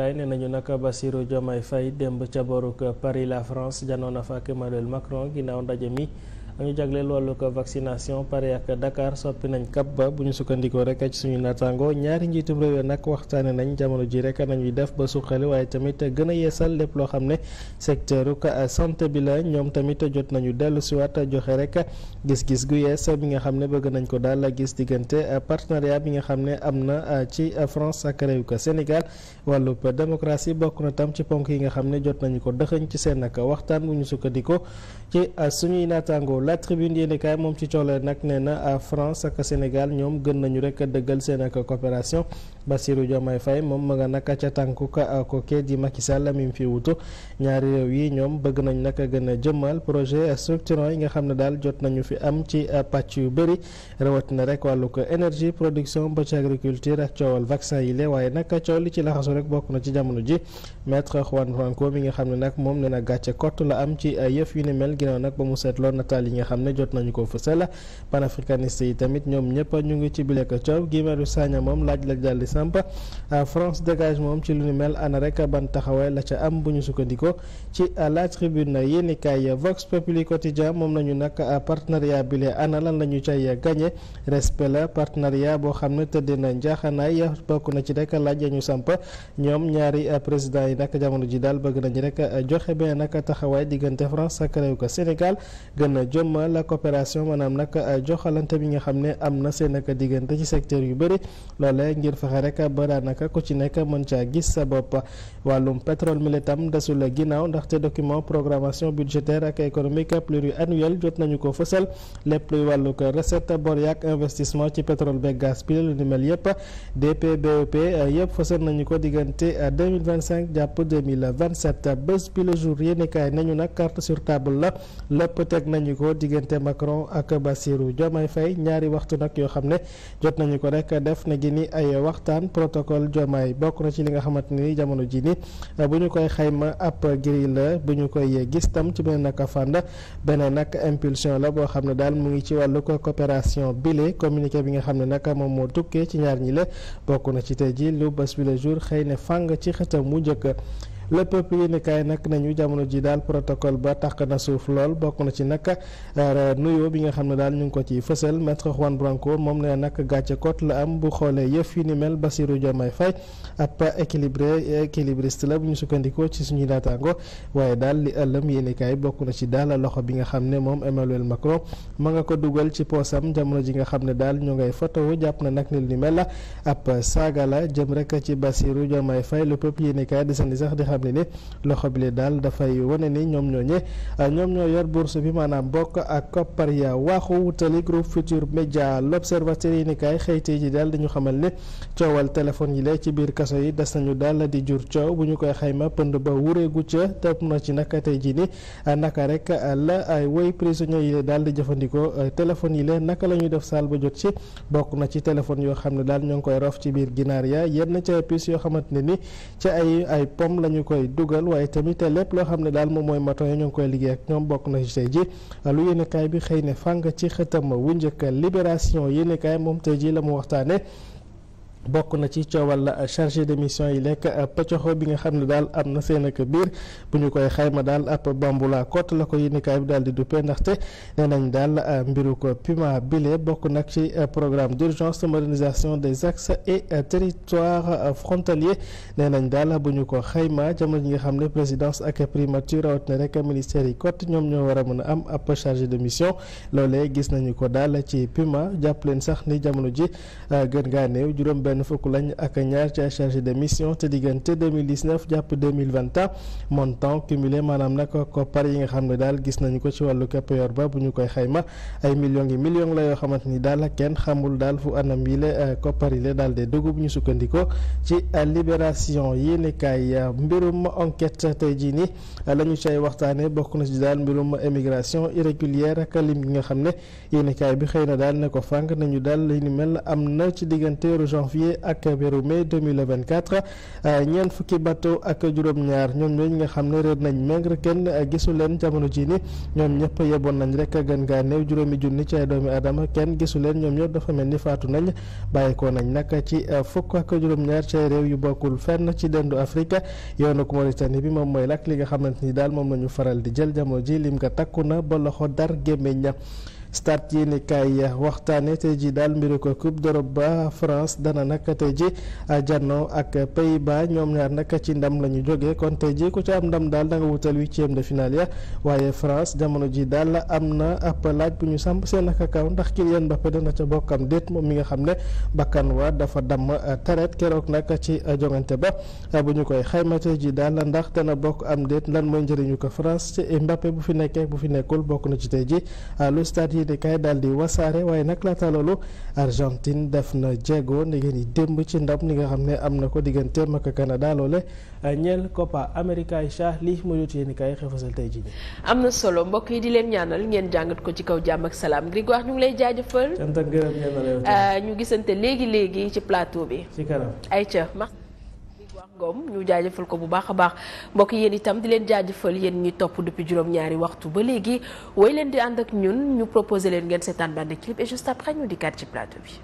gaay nee nañu nag Bassirou Diomaye Faye démb ca boruk Paris la France janoon na fa ak Emmanuel ndaje mi ñu jagleel wàllu ko vaccination pare ak Dakar soppi nañ kap ba bu ñu sukkandikoo rek ci suñu naataango ñaari njiitum nag waxtaane nañ jamono ji rek nañuy def ba suqali waaye tamit gën a yeesal lépp loo xam ne secteur santé bi ñoom tamit jot nañu dellu siwaat joxe rek gis-gis gu yees bi nga xam ne bëgg nañ ko daal gis diggante partenariat bi nga xam ne am na ci France ak réew ko Sénégal wàllub démocratie bokk na tam ci ponk yi nga xam ne jot nañu ko dëxëñ ci seen ak waxtaan bu ñu sukkandikoo ci suñuy naataango la tribune yéenekaay moom ci coole nag nee na France ak Sénégal ñoom gën nañu rek dëggal seen ak coopération Bassirou Diomaye Faye moom ma nga nag ca tànku kooke di Macky Sall fi wutu ñaari réew yi ñoom bëgg nañ nag gën a jëmmal projet structurant yi nga xam ne daal jot nañu fi am ci pàcc yu bëri rawatina rek wàllu ko énergie production ba ci agriculture ak coowal vaccin yi la waaye nag coow li ci laxasu rek bokk na ci jamono ji maître Juan Branco mi nga xam ne nag nga xam ne jot nañu ko fësal panafricaniste yi tamit ñoom ñëpp ñu ngi ci bile ko coow Guy Marius Sagna moom laaj la daldi samp euh, France dégage moom ci lu ni mel ana rek ban taxawaay la ca am bu ñu sukkandikoo ci euh, la tribune yéen i kaay Vox Populi quotidien moom nañu nag euh, partenariat bile ana lan la ñu cay gagné respect la partenariat boo xam ne tëddee na njaaxanaay bokk na ci rek laaj ya ñu samp ñoom ñaari président yi nag jamono ji daal bëgg nañu rek joxe a ma la coopération maanaam nag euh, joxalante bi nga xam ne am na seen ak diggante ci secteur yu bëri loolee ngir fexe rek ba daanaka ku ci nekk mën caa gis sa bopp wàllum pétrole mi tam desul ginnaaw ndaxte document programmation budgétaire ak économique pluriannuel jot nañu ko fësal lépp luy wàllu ko recette bor investissement ci pétrole beeg gaz bi lu ni mel DPBOP yëpp euh, fësal nañu ko diggante 2025 euh, jàpp 2027 bés bi le jour yéenekaay nañu nag carte sur table la diggante Macron ak Bassirou Diomaye Faye ñaari waxtu nag yoo xam ne jot nañu ko rek def na gi ni ay waxtaan protocole Diomaye bokk na ci li nga xamante ni jamono ji ni bu ñu koy xayma ab grille bu ñu koy gis tam ci beneen nag fànn beneen nag impulsion la boo xam ne daal mu ngi ci wàllu ko coopération bile communiqué bi nga xam ne nag moom moo tukkee ci ñaar ñi la bokk na ci tey ji lu bés bi le jour xëy na fàng ci xëtam mu njëkk le peuple yéen kaay nag nañu jamono ji daal protocole ba tàq na suuf lool bokk na ci nag euh, nuyoo bi nga xam ne daal ñu ngi ko ci fësal maître Juan Branco moom ne nag gàcce kot la am bu xoolee yëf yu ni mel Bassirou Diomaye Faye ab équilibré équilibriste la bu ñu sukkandikoo ci suñuy naataango waaye daal di ëllëm yéen kaay bokk na ci daal loxo bi nga xam ne moom Emmanuel Macron ma nga ko dugal ci poosam jamono ji nga xam ne daal ñu ngay fotowu jàpp na nag ni ni mel ab saaga la jëm rek ci Bassirou Diomaye Faye le peuple yéen xamle ne loxo bi le daal dafay wane ni ñoom ñooñe ñoom ñoo yor bourse bi maanaam bokk ak koppar ya waaxu wutali groupe Futur Média l'Observateur yi ni kaay xëyte ji daal dañu xamal ne coowal téléphone yi la ci biir kaso yi des nañu daal di jur coow bu ñu koy xayma pënd ba wureegu ca topp na ci naka tey ji ni naka rek la ay woy prisonniers yi daal di jëfandikoo téléphone yi la naka la ñuy def saal ba jot ci bokk na ci téléphone yoo xam ne daal ñoo ngi koy rof ci biir ginaar ya yenn ca puce yoo xamante ne ni ci ay ay lañu koy dugal waaye tamit lépp loo xam ne daal moom mooy maton yi ñoo koy liggéey ak ñoom bokk na ci tey ji lu yéenekaay bi xëy ne fàng ci xëtam wu njëkk libération yéenekaay moom tey ji la mu waxtaane bokk na ci coowal euh, chargé de mission yi lekk euh, pëccoxoo bi nga xam ne daal am na seen ak biir bu ñu koy xayma daal ab bambula côte la ko yéenekaay bi daal di duppee ndaxte nee nañ daal euh, mbiru ko Puma bile bokk nag ci programme d'urgence modernisation des axes et territoires frontaliers nee nañ daal bu ñu ko xayma jamono ji nga xam ne présidence ak primature rawatina rek ministère yi côte ñoom ñoo war a mën am ab chargé de mission loolee gis nañu ko daal ci Puma jàpp leen sax ni jamono ji benn fukk lañ ak ñaar ci ay chargé de mission te diggante jàpp montant cumulé maanaam nag koppar yi nga xam ne daal gis nañu ko ci wàllu payor ba bu ñu koy xayma ay millions yi millions la yoo ni daal kenn xamul daal fu anam yi la euh, koppar yi la daal de dugg ñu sukkandikoo ci euh, libération yi ne kay euh, mbirum enquête tey jii nii la ñu cay waxtaanee bokk na ci daal mbirum émigration irrégulière ak lim gi nga xam ne yéen kaay bi xëy na daal ne janvier ak weeru vingt 2024 euh, ñeent fukki bateau ak juróom-ñaar ñoom ñooñu nga xam ne réer nañ méngre kenn euh, gisu leen jamono ji ni ñoom ñëpp yeboon nañ rek gën ngaa néew juróomi junni ci doomi aadama kenn gisu leen ñoom ñëpp dafa mel ni faatu nañ bàyyikoo nañ nag ci euh, fukk ak juróom-ñaar ci réew yu bokkul fenn ci dendu Afrique yoonu Mauritanie bi moom mooy nag li nga xamante ni daal moom la ñu faral di jël jamono ji lim nga takku na ba loxo dar gémmiñ ña start yéeni kaay waxtaane tey jii daal mbiru ko coupe d'Europe ba France dana nag tey ji janno ak Pays-Bas ñoom ñaar nag ci ndam la jóge kon tey ji ku ci am ndam daal da nga wutal huitième de finale ya waaye France jamono jii daal am na ab laaj bu ñu sàmp seen ak kaw ndax Kylian Mbappé dana ca bokk am déet moom mi nga xam ne bakkan waa dafa damm taret keroog nag ci jongante ba bu ñu koy xayma tey jii daal ndax dana bokk am déet lan mooy njëriñu ko France ci bu fi nekkee bu fi nekkul bokk na ci tey ji yéene kaay daal di wasaare waaye nag laata loolu Argentine def na jéego ni ngeen di démb ci ndam li nga xam ne am na ko digganteem ak Canada loole ñeel Copa America Aïcha lii ma jot yéene kaay xefasal tey jii. am na solo mbokk yi di leen ñaanal ngeen jàngat ko ci kaw jàmm ak salaam Grégoire ñu ngi lay jaajëfal. sant ak gërëm euh, ñu gisante léegi léegi ci plateau bi. ci kanam ay ca Ngom ñu jaajëfal ko bu baax a baax mbokk yéen itam di leen jaajëfal yéen ñi topp depuis juróom-ñaari waxtu ba léegi woy leen di ànd ak ñun ñu proposé leen ngeen seetaan bande clip et juste après ñu dikkaat ci plateau bi.